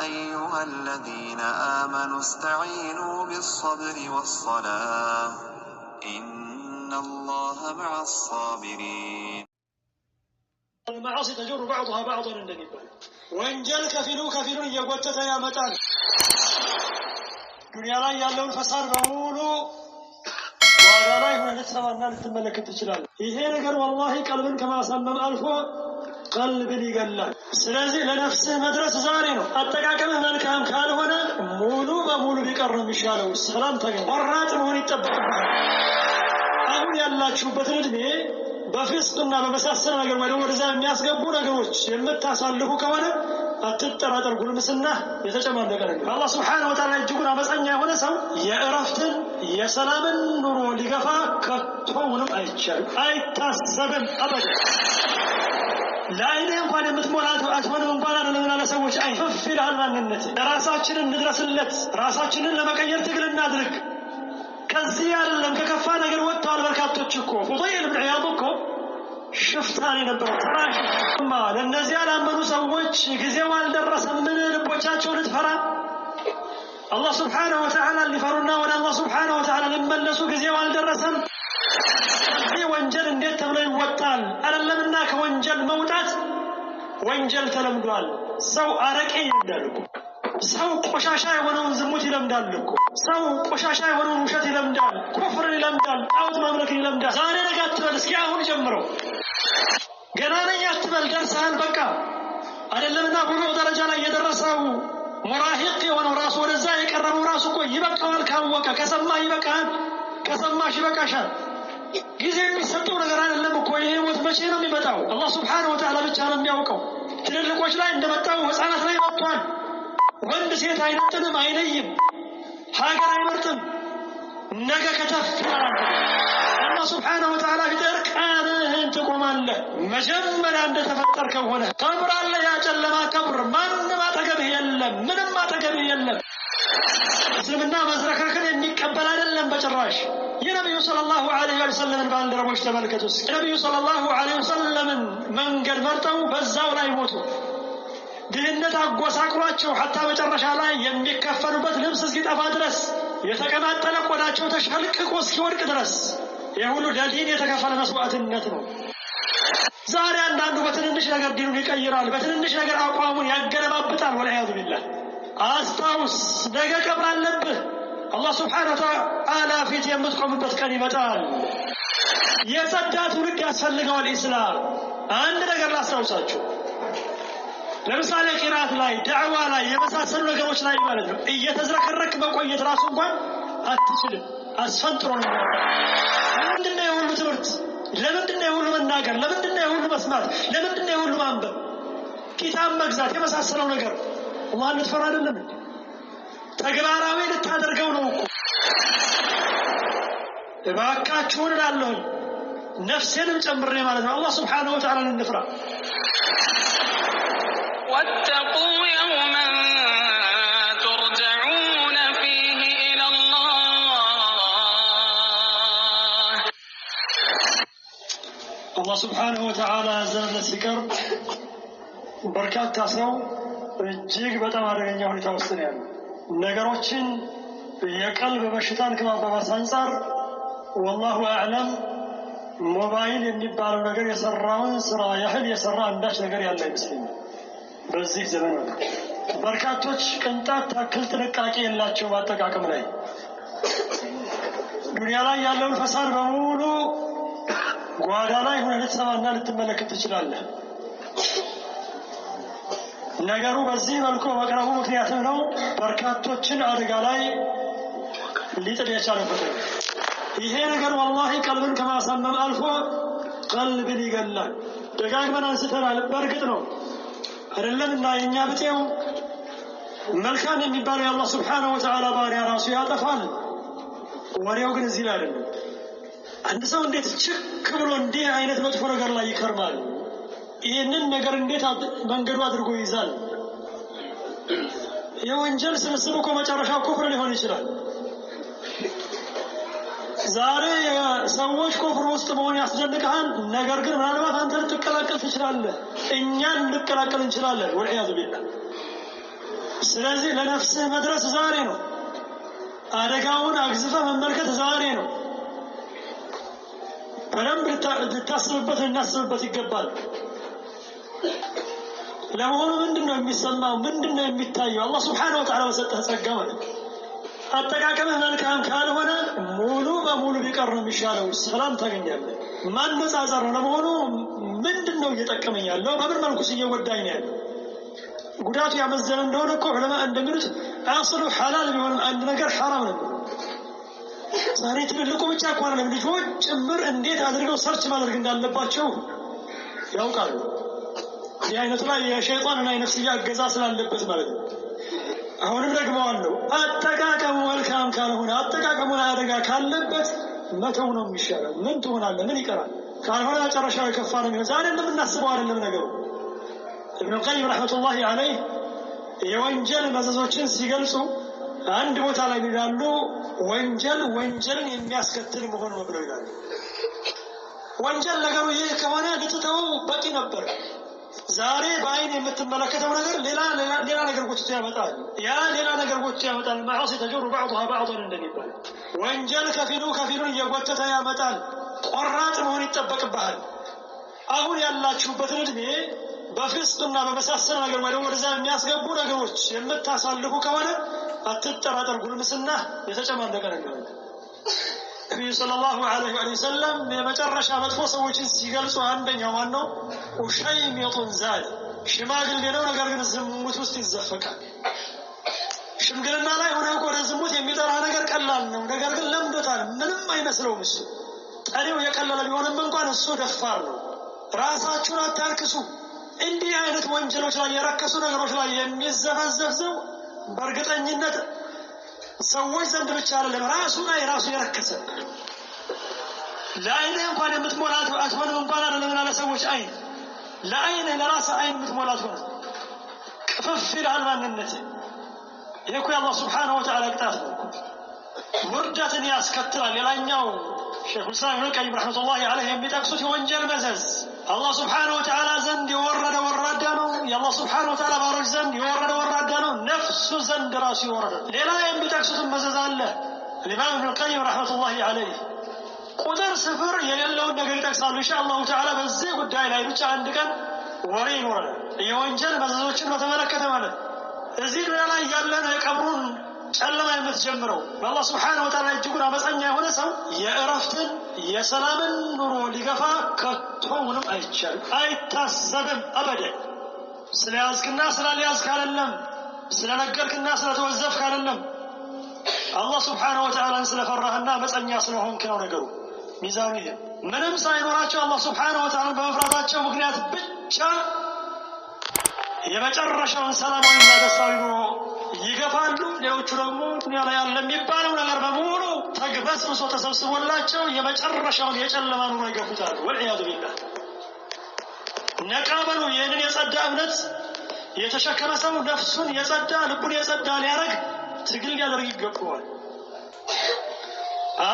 أيها الذين آمنوا استعينوا بالصبر والصلاة إن الله مع الصابرين المعاصي تجر بعضها بعضا النبي وإن جل كفلو كفلو يقوتك يا متان دنيا لا يالون فصار بمولو وعلى رايه من الملكة تشلال إيهي نقر والله قلبن كما سنن ألفو ቀልብን ይገላል። ስለዚህ ለነፍስህ መድረስ ዛሬ ነው። አጠቃቀምህ መልካም ካልሆነ ሙሉ በሙሉ ሊቀር ነው የሚሻለው። ሰላም ተገኝ ቆራጥ መሆን ይጠበቅብሃል። አሁን ያላችሁበትን እድሜ በፊስቅና በመሳሰል ነገር ወይ ወደዛ የሚያስገቡ ነገሮች የምታሳልፉ ከሆነ አትጠራጠር፣ ጉልምስና የተጨማለቀ ነገር። አላህ ስብሓነሁ ወተዓላ እጅጉን አመፀኛ የሆነ ሰው የእረፍትን የሰላምን ኑሮ ሊገፋ ከቶውንም አይቻልም፣ አይታሰብም አበደ ለአይኔ እንኳን የምትሞላ አትሆንም እንኳን አለምና ለሰዎች አይ ይልሃል ማንነት። ለራሳችንን እንድረስለት፣ ራሳችንን ለመቀየር ትግል እናድርግ። ከዚህ አይደለም ከከፋ ነገር ወጥተዋል በርካቶች እኮ ፉጠይል ብን ዒያድ እኮ ሽፍታን የነበረ ተራሽማ ለእነዚያ ላመኑ ሰዎች ጊዜው አልደረሰምን? ልቦቻቸው ልትፈራ አላህ ስብሓነሁ ወተዓላ ሊፈሩና ወደ አላህ ስብሓነሁ ወተዓላ ሊመለሱ ጊዜው አልደረሰም። ወንጀል እንደ ይጠይቃል። አይደለምና ከወንጀል መውጣት ወንጀል ተለምዷል። ሰው አረቄ ይወዳል እኮ ሰው ቆሻሻ የሆነውን ዝሙት ይለምዳል እኮ ሰው ቆሻሻ የሆነውን ውሸት ይለምዳል፣ ኩፍርን ይለምዳል፣ ጣዖት ማምለክን ይለምዳል። ዛሬ ነገ አትበል፣ እስኪ አሁን ጀምረው። ገና ነኝ አትበል፣ ደርሰሃል በቃ አይደለምና ብሎ ደረጃ ላይ የደረሰው ሙራሂቅ የሆነው ራሱ ወደዛ የቀረበው ራሱ እኮ ይበቃዋል። ካወቀ ከሰማ ይበቃል፣ ከሰማሽ ይበቃሻል። መቼ ነው የሚመጣው? አላህ ሱብሓነሁ ወተዓላ ብቻ ነው የሚያውቀው። ትልልቆች ላይ እንደመጣው ህፃናት ላይ መጥቷል። ወንድ ሴት አይነጥንም፣ አይለይም፣ ሀገር አይመርጥም። ነገ ከተፍ አላህ ሱብሓነሁ ወተዓላ ፊት እርቃንህን ትቆማለህ። መጀመሪያ እንደተፈጠርከው ሆነህ ከብራለህ። ያ ጨለማ ከብር ማንም አጠገብህ የለም፣ ምንም አጠገብህ የለም። እስልምና መዝረክረክን የሚቀበል አይደለም በጭራሽ። የነቢዩ ሰለላሁ ለ ወሰለምን ባልደረቦች ተመልከቱ። የነቢዩ ሰለላሁ ለ ወሰለምን መንገድ መርጠው በዛው ላይ ሞቱ። ድህነት አጎሳቅሏቸው ሀታ መጨረሻ ላይ የሚከፈሉበት ልብስ እስኪጠፋ ድረስ የተቀማጠለ ቆዳቸው ተሸልቅቆ እስኪወድቅ ድረስ የሁሉ ለዲን የተከፈለ መስዋዕትነት ነው። ዛሬ አንዳንዱ በትንንሽ ነገር ዲኑን ይቀይራል፣ በትንንሽ ነገር አቋሙን ያገለባብጣል። ወለያዙ ቢላህ አስታውስ፣ ነገ ቀብር አለብህ። አላህ ስብሓነ ወተዓላ ፊት የምትቆምበት ቀን ይመጣል። የጸዳ ትውልድ ያስፈልገዋል ኢስላም። አንድ ነገር ላስታውሳችሁ፣ ለምሳሌ ቂራት ላይ፣ ዳዕዋ ላይ የመሳሰሉ ነገሮች ላይ ማለት ነው እየተዝረከረክ መቆየት ራሱ እንኳን አትችልም። አስፈንጥሮ ነው። ለምንድነው የሁሉ ትምህርት? ለምንድነው የሁሉ መናገር? ለምንድነው የሁሉ መስማት? ለምንድነው የሁሉ ማንበብ፣ ኪታብ መግዛት የመሳሰለው ነገር አላህ ልትፈራ አይደለም ተግባራዊ ልታደርገው ነው እኮ። እባካችሁን እላለሁኝ ነፍሴንም ጨምሬ ማለት ነው። አላህ ስብሓነሁ ወተዓላ እንፍራ። واتقوا يوما ترجعون فيه إلى الله الله سبحانه وتعالى زاد سكر بركات تاسو እጅግ በጣም አደገኛ ሁኔታ ውስጥ ነው ያለው ነገሮችን የቀልብ በሽታን ከማባባስ አንጻር ወላሁ አዕለም ሞባይል የሚባለው ነገር የሰራውን ስራ ያህል የሰራ አንዳች ነገር ያለ አይመስለኛል። በዚህ ዘመን በርካቶች ቅንጣት ታክል ጥንቃቄ የላቸው አጠቃቀም ላይ ዱንያ ላይ ያለውን ፈሳድ በሙሉ ጓዳ ላይ ሆነ ልትሰማና ልትመለከት ትችላለህ። ነገሩ በዚህ መልኩ በመቅረቡ ምክንያትም ነው በርካቶችን አደጋ ላይ ሊጥል የቻለበት ይሄ ነገር ወላሂ ቀልብን ከማሳመም አልፎ ቀልብን ይገላል። ደጋግመን አንስተናል። በእርግጥ ነው አይደለም እና የእኛ ብጤው መልካም የሚባለው የአላህ ስብሓነሁ ወተዓላ ባሪያ ራሱ ያጠፋል። ወሬው ግን እዚህ ላይ አይደለም። አንድ ሰው እንዴት ችክ ብሎ እንዲህ አይነት መጥፎ ነገር ላይ ይከርማል? ይህንን ነገር እንዴት መንገዱ አድርጎ ይይዛል? የወንጀል ስብስብ እኮ መጨረሻ ኩፍር ሊሆን ይችላል። ዛሬ ሰዎች ኩፍር ውስጥ መሆን ያስደንቅሃል። ነገር ግን ምናልባት አንተ ልትቀላቀል ትችላለህ፣ እኛን ልንቀላቀል እንችላለን። ወልዕያዙ ቢላ። ስለዚህ ለነፍስህ መድረስ ዛሬ ነው። አደጋውን አግዝፈ መመልከት ዛሬ ነው። በደንብ ልታስብበት ልናስብበት ይገባል። ለመሆኑ ምንድን ነው የሚሰማው? ምንድን ነው የሚታየው? አላህ ስብሓነሁ ወተዓላ በሰጠህ ጸጋ ማለት አጠቃቀምህ መልካም ካልሆነ ሙሉ በሙሉ ቢቀር ነው የሚሻለው። ሰላም ታገኛለህ። ማነጻጸር ነው። ለመሆኑ ምንድን ነው እየጠቀመኝ ያለው? በምን መልኩስ እየጎዳኝ ነው ያለው? ጉዳቱ ያመዘነ እንደሆነ እኮ ዑለማ እንደሚሉት አስሉ ሐላል ቢሆንም አንድ ነገር ሐራም ነው። ዛሬ ትልልቁ ብቻ እኮ አይደለም ልጆች ጭምር እንዴት አድርገው ሰርች ማድረግ እንዳለባቸው ያውቃሉ። የአይነቱ ላይ የሸይጣን እና የነፍስያ እገዛ ስላለበት ማለት ነው። አሁንም አለው አጠቃቀሙ መልካም ካልሆነ አጠቃቀሙ ላይ አደጋ ካለበት መተው ነው የሚሻለው። ምን ትሆናለህ? ምን ይቀራል? ካልሆነ መጨረሻው የከፋ ነው የሚሆን። ዛሬ እንደምናስበው አይደለም ነገሩ። እብኑ ቀይም ረሕመቱላሂ አለይህ የወንጀል መዘዞችን ሲገልጹ አንድ ቦታ ላይ ይላሉ ወንጀል ወንጀልን የሚያስከትል መሆን ነው ብለው ይላሉ። ወንጀል ነገሩ ይህ ከሆነ ልትተው በቂ ነበር። ዛሬ በአይን የምትመለከተው ነገር ሌላ ሌላ ነገር ጎትቶ ያመጣል። ያ ሌላ ነገር ጎትቶ ያመጣል። ማዕሲ ተጀሩ ባዕضሃ ባዕضን እንደሚባል ወንጀል ከፊሉ ከፊሉን እየጎተተ ያመጣል። ቆራጥ መሆን ይጠበቅብሃል። አሁን ያላችሁበትን እድሜ በፍስቅና በመሳሰለ ነገር ወይ ወደዛ የሚያስገቡ ነገሮች የምታሳልፉ ከሆነ አትጠራጠር፣ ጉልምስና የተጨማለቀ ነገር ነው። ነቢዩ ሰለላሁ ዐለይሂ ወሰለም የመጨረሻ መጥፎ ሰዎችን ሲገልጹ አንደኛው ማን ነው? ኡሸይሚጡን ዛል ሽማግሌ ነው፣ ነገር ግን ዝሙት ውስጥ ይዘፈቃል። ሽምግልና ላይ ሆነ ወደ ዝሙት የሚጠራ ነገር ቀላል ነው፣ ነገር ግን ለምዶታል። ምንም አይመስለውም። እሱ ጠሪው የቀለለ ቢሆንም እንኳን እሱ ደፋር ነው። ራሳችሁን አታርክሱ። እንዲህ አይነት ወንጀሎች ላይ የረከሱ ነገሮች ላይ የሚዘፈዘፍ በእርግጠኝነት ሰዎች ዘንድ ብቻ አይደለም፣ ራሱ ላይ ራሱ የረከሰ ለአይንህ እንኳን የምትሞላ አትሆንም። እንኳን አይደለም ለሰዎች አይን ለአይንህ ለራስህ አይን የምትሞላ አትሆንም። ቅፍፍ ይልሃል ማንነት። ይህ እኮ የአላህ ስብሓነሁ ወተዓላ ቅጣት ነው። ውርደትን ያስከትላል። ሌላኛው ሸይኹል ኢስላም ኢብኑ ቀይም ረሕመቱላሂ ዐለይህ የሚጠቅሱት የወንጀል መዘዝ አላህ ስብሓነሁ ወተዓላ ዘንድ የወረደ ወረ አላህ ስብሐነሁ ወተዓላ ባሮች ዘንድ የወረደ ወራዳ ነው። ነፍሱ ዘንድ ራሱ የወረደ ሌላ የሚጠቅሱትን መዘዝ አለ። ልማም ኢብኑል ቀይም ረሕመቱላሂ ዐለይህ ቁጥር ስፍር የሌለውን ነገር ይጠቅሳሉ። አላሁ ተዓላ በዚህ ጉዳይ ላይ ብቻ አንድ ቀን ወሬ ይኖረናል። የወንጀል መዘዞችን በተመለከተ ማለት እዚህ ዱንያ ላይ ያለን የቀብሩን ጨለማ የምትጀምረው በአላህ ስብሐነሁ ወተዓላ እጅጉን አመፀኛ የሆነ ሰው የእረፍትን የሰላምን ኑሮ ሊገፋ ከቶውንም አይቻልም፣ አይታሰብም አበደ ስለ ያዝክና ስለ ስላልያዝክ አይደለም፣ ስለ ነገርክና ስለ ተወዘፍክ አይደለም። አላህ ስብሓነሁ ወተዓላን ፈራህና መፀኛ ስለሆንክ ነው ነገሩ። ሚዛኑ ይሄ ምንም ሳይኖራቸው አላህ ስብሓነሁ ወተዓላን በመፍራታቸው ምክንያት ብቻ የመጨረሻውን ሰላማዊና ደስታዊ ኑሮ ይገፋሉ። ሌሎቹ ደግሞ ዱኒያ ላይ ያለ የሚባለው ነገር በሙሉ ተግበስብሶ ተሰብስቦላቸው የመጨረሻውን የጨለማ ኑሮ ይገፉታል። ወልዕያዙ ቢላህ ነቃበሉ ይህንን የጸዳ እምነት የተሸከመ ሰው ነፍሱን የጸዳ ልቡን የጸዳ ሊያደርግ ትግል ሊያደርግ ይገባዋል።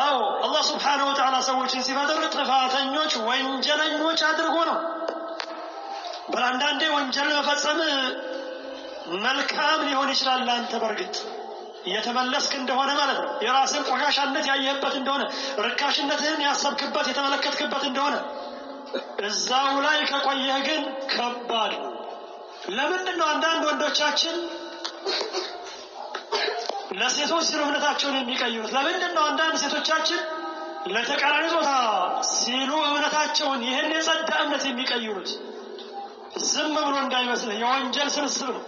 አዎ አላህ ስብሓነሁ ወተዓላ ሰዎችን ሲፈጥር ጥፋተኞች፣ ወንጀለኞች አድርጎ ነው። በአንዳንዴ ወንጀል መፈጸም መልካም ሊሆን ይችላል ለአንተ በእርግጥ እየተመለስክ እንደሆነ ማለት ነው። የራስን ቆሻሻነት ያየህበት እንደሆነ ርካሽነትህን ያሰብክበት የተመለከትክበት እንደሆነ እዛው ላይ ከቆየህ ግን ከባድ ነው። ለምንድን ነው አንዳንድ ወንዶቻችን ለሴቶች ሲሉ እምነታቸውን የሚቀይሩት? ለምንድን ነው አንዳንድ ሴቶቻችን ለተቃራኒ ጾታ ሲሉ እምነታቸውን ይህን የጸዳ እምነት የሚቀይሩት? ዝም ብሎ እንዳይመስልህ የወንጀል ስብስብ ነው።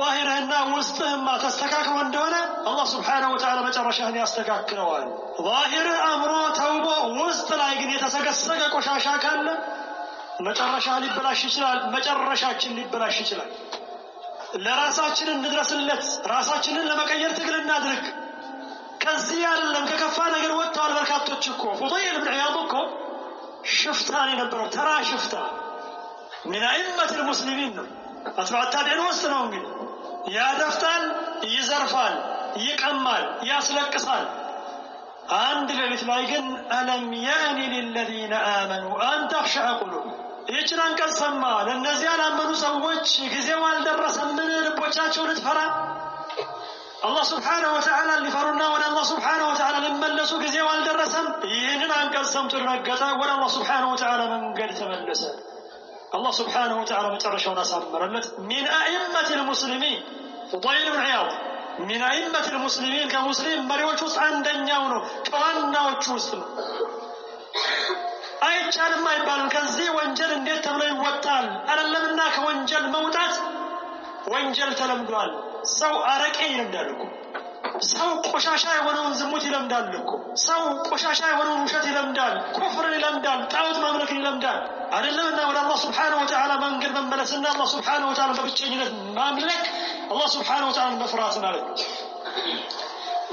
ዛሂርህና ውስጥህማ ተስተካክሎ እንደሆነ አላህ ስብሓነሁ ወተዓላ መጨረሻህን ያስተካክለዋል። ዛሂርህ አምሮ ተውቦ ውስጥ ላይ ግን የተሰገሰገ ቆሻሻ ካለ መጨረሻ ሊበላሽ ይችላል። መጨረሻችን ሊበላሽ ይችላል። ለራሳችን እንድረስለት፣ ራሳችንን ለመቀየር ትግል እናድርግ። ከዚህ ያለም ከከፋ ነገር ወጥተዋል በርካቶች እኮ ፉጠይል ብን ዒያድ እኮ ሽፍታን የነበረው፣ ተራ ሽፍታ ሚን አኢመት ልሙስሊሚን ነው አትባዕ ታቢዕን ውስጥ ነው እንግዲህ يا يا يادفتال يزرفال يقمال ياسلقسال عند ليلت لايكن الم يعني للذين امنوا ان تخشع قلوبهم يجران قد سما للنزي على منو سوج غزي والدرس من ربوچاچو نتفرا الله سبحانه وتعالى اللي فرنا ولا الله سبحانه وتعالى لما نسو غزي والدرس ينن ان قد سمت رغتا ولا الله سبحانه وتعالى من قد تملسه አላህ ስብሓነሁ ወተዓላ መጨረሻውን አሳመረለት። ሚን አኢመት ልሙስሊሚን ፉዳይል ብን ዒያድ ሚን አኢመት ልሙስሊሚን ከሙስሊም መሪዎች ውስጥ አንደኛው ነው፣ ከዋናዎቹ ውስጥ ነው። አይቻልም አይባልም። ከዚህ ወንጀል እንዴት ተብሎ ይወጣል አይደለምና ከወንጀል መውጣት ወንጀል ተለምዷል። ሰው አረቄ ይለምዳል እኮ ሰው ቆሻሻ የሆነውን ዝሙት ይለምዳል እኮ ሰው ቆሻሻ የሆነውን ውሸት ይለምዳል፣ ኩፍርን ይለምዳል፣ ጣዖት ማምለክን ይለምዳል። አይደለምና ወደ አላህ ስብሓነሁ ወተዓላ መንገድ መመለስና አላህ ስብሓነሁ ወተዓላ በብቸኝነት ማምለክ አላህ ስብሓነሁ ወተዓላ መፍራት ማለት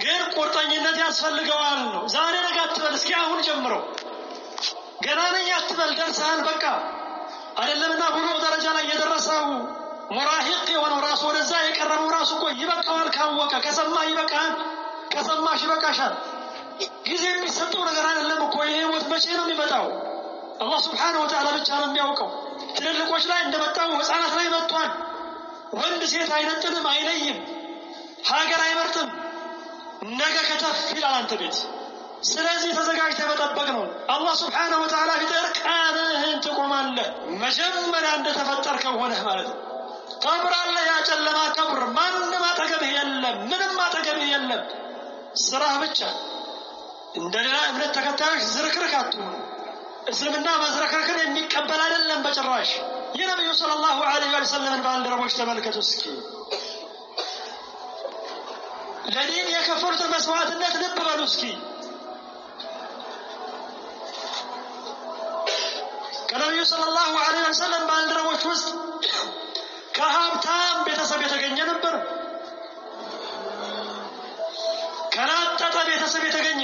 ግን ቁርጠኝነት ያስፈልገዋል ነው። ዛሬ ነገ አትበል፣ እስኪ አሁን ጀምረው። ገና ነኝ አትበል፣ ደርሰሃል በቃ አይደለምና ብሎ ደረጃ ላይ የደረሰው مراهق يوانا راس ورزا يكرم راسو كو يبقى والكام وكا كسما يبقى كسما شبقى شار جزي بسطو نغران اللهم كو يهي وثبشينا مبتاو الله سبحانه وتعالى بچانا ميوكو تلقوا شلا عند بتاو وسانا خلايم التوان وند سيت عين التنم عينيهم حاجة رأي مرتم نجا كتف في الألان تبيت سلازي تزقاك تبت أبقنون الله سبحانه وتعالى في تركانه انتقو مالله مجمّن عند تفتركه ونه አለ ያ ጨለማ ቀብር ማንም አጠገብህ የለም፣ ምንም አጠገብህ የለም። ስራህ ብቻ። እንደ ሌላ እምነት ተከታዮች ዝርክርክ አትሆኑ። እስልምና መዝረክርክን የሚቀበል አይደለም በጭራሽ። የነቢዩ ሰለላሁ ዐለይሂ ወሰለምን ባልደረቦች ተመልከቱ እስኪ። ለዲን የከፈሉትን መስዋዕትነት ልብ በሉ እስኪ። ከነቢዩ ሰለላሁ ዐለይሂ ወሰለም ባልደረቦች ውስጥ ከሀብታም ቤተሰብ የተገኘ ነበር? ከናጠጠ ቤተሰብ የተገኘ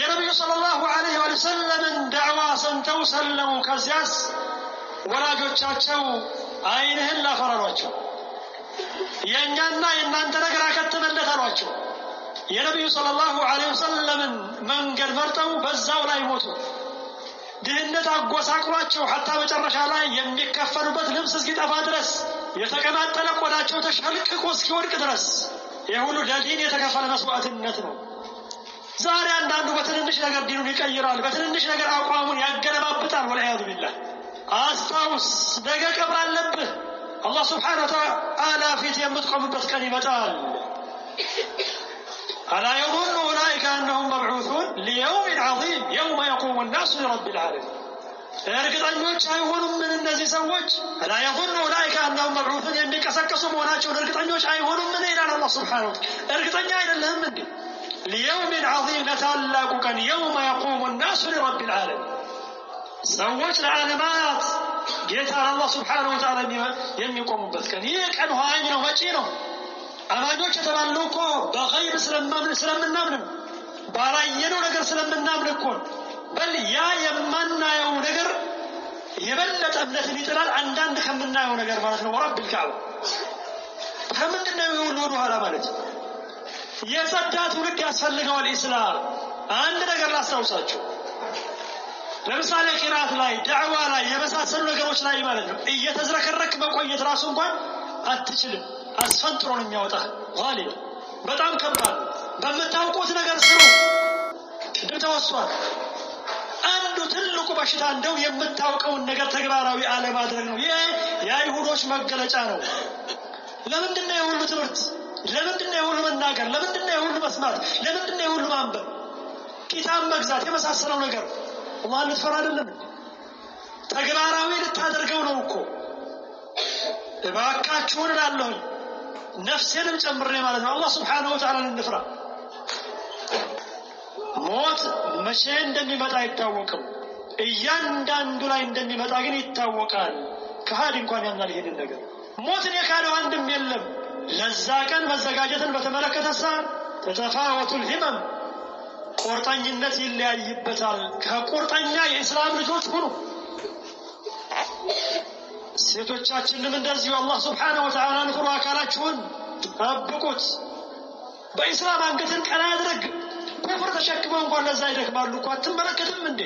የነቢዩ ሰለላሁ ዐለይሂ ወሰለምን ዳዕዋ ሰምተው ሰለሙ። ከዚያስ ወላጆቻቸው አይንህን ላፈር የእኛና የእናንተ ነገር አከተመለት አሏቸው። የነቢዩ ሰለላሁ ዐለይሂ ወሰለምን መንገድ መርጠው በዛው ላይ ሞቱ። ድህነት አጎሳቅሏቸው ሀታ መጨረሻ ላይ የሚከፈሉበት ልብስ እስኪጠፋ ድረስ የተቀማጠለ ቆዳቸው ተሸልቅቆ እስኪወድቅ ድረስ ይህ ሁሉ ለዲን የተከፈለ መስዋዕትነት ነው። ዛሬ አንዳንዱ በትንንሽ ነገር ዲኑን ይቀይራል፣ በትንንሽ ነገር አቋሙን ያገለባብጣል። ወልዒያዙ ቢላህ። አስታውስ፣ ነገ ቀብር አለብህ። አላህ ስብሓነሁ ወተዓላ ፊት የምትቆምበት ቀን ይመጣል። አላ የظኑ ኡላኢከ አነሁም መብዑሱን ሊየውሚን ዐዚም الناس رب العالمين من الا يظن اولئك እርግጠኞች አይሆኑም ምን እነዚህ ሰዎች ላየሁን ኡላይከ አንሁም መዕሩፉን የሚቀሰቀሱ መሆናቸውን እርግጠኞች አይሆኑም ምን ይላል አላ ስብን الله አይደለህም እንዴ ليوم عظيم نتعلق كان يوم يقوم الناس لرب العالمين سوت العالمات جيت على الله سبحانه وتعالى يم يقوم بس كان يك انه هاي من وجهينه انا جوش تبلوكو بغير سلم من سلم النمر بارا ينو نقر سلم النمر كون በል ያ የማናየው ነገር የበለጠ እምነትን ይጥላል። አንዳንድ ከምናየው ነገር ማለት ነው። ወረብ ልካው ከምንድን ነው የሁሉ ወደኋላ ማለት የጸዳ ትውልድ ያስፈልገዋል። ኢስላም አንድ ነገር ላስታውሳችሁ፣ ለምሳሌ ቂራት ላይ ዳዕዋ ላይ የመሳሰሉ ነገሮች ላይ ማለት ነው እየተዝረከረክ መቆየት ራሱ እንኳን አትችልም። አስፈንጥሮ ነው የሚያወጣ ዋሊ በጣም ከባድ በምታውቁት ነገር ስሩ። ቅድም ተወሷል። ትልቁ በሽታ እንደው የምታውቀውን ነገር ተግባራዊ አለማድረግ ነው። ይህ የአይሁዶች መገለጫ ነው። ለምንድነው የሁሉ ትምህርት? ለምንድነው የሁሉ መናገር? ለምንድነው የሁሉ መስማት? ለምንድነው የሁሉ ማንበብ? ቂጣም መግዛት የመሳሰለው ነገር ማን ልትፈራ አይደለም? ተግባራዊ ልታደርገው ነው እኮ እባካችሁን እላለሁኝ ነፍሴንም ጨምሬ ማለት ነው። አላህ ስብሓነሁ ወተዓላ እንፍራ። ሞት መቼ እንደሚመጣ አይታወቅም። እያንዳንዱ ላይ እንደሚመጣ ግን ይታወቃል። ከሃዲ እንኳን ያምናል ይሄንን ነገር። ሞትን የካደው አንድም የለም። ለዛ ቀን መዘጋጀትን በተመለከተሳ ተተፋወቱል ሂመም ቁርጠኝነት ይለያይበታል። ከቁርጠኛ የእስላም ልጆች ሁኑ። ሴቶቻችንም እንደዚሁ አላህ ስብሓነሁ ወተዓላ ንፍሩ፣ አካላችሁን ጠብቁት። በኢስላም አንገትን ቀና ያድረግ ኩፍር ተሸክመው እንኳን ለዛ ይደክማሉ እኮ አትመለከትም እንዴ?